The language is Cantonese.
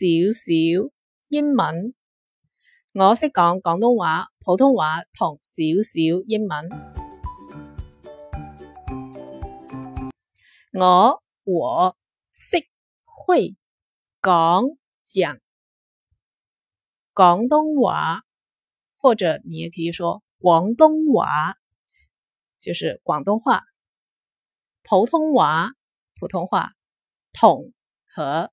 少少英文，我識講廣東話、普通話同少少英文。我和識會講講廣東話，或者你也可以說廣東話，就是廣東話、普通話、普通話同和。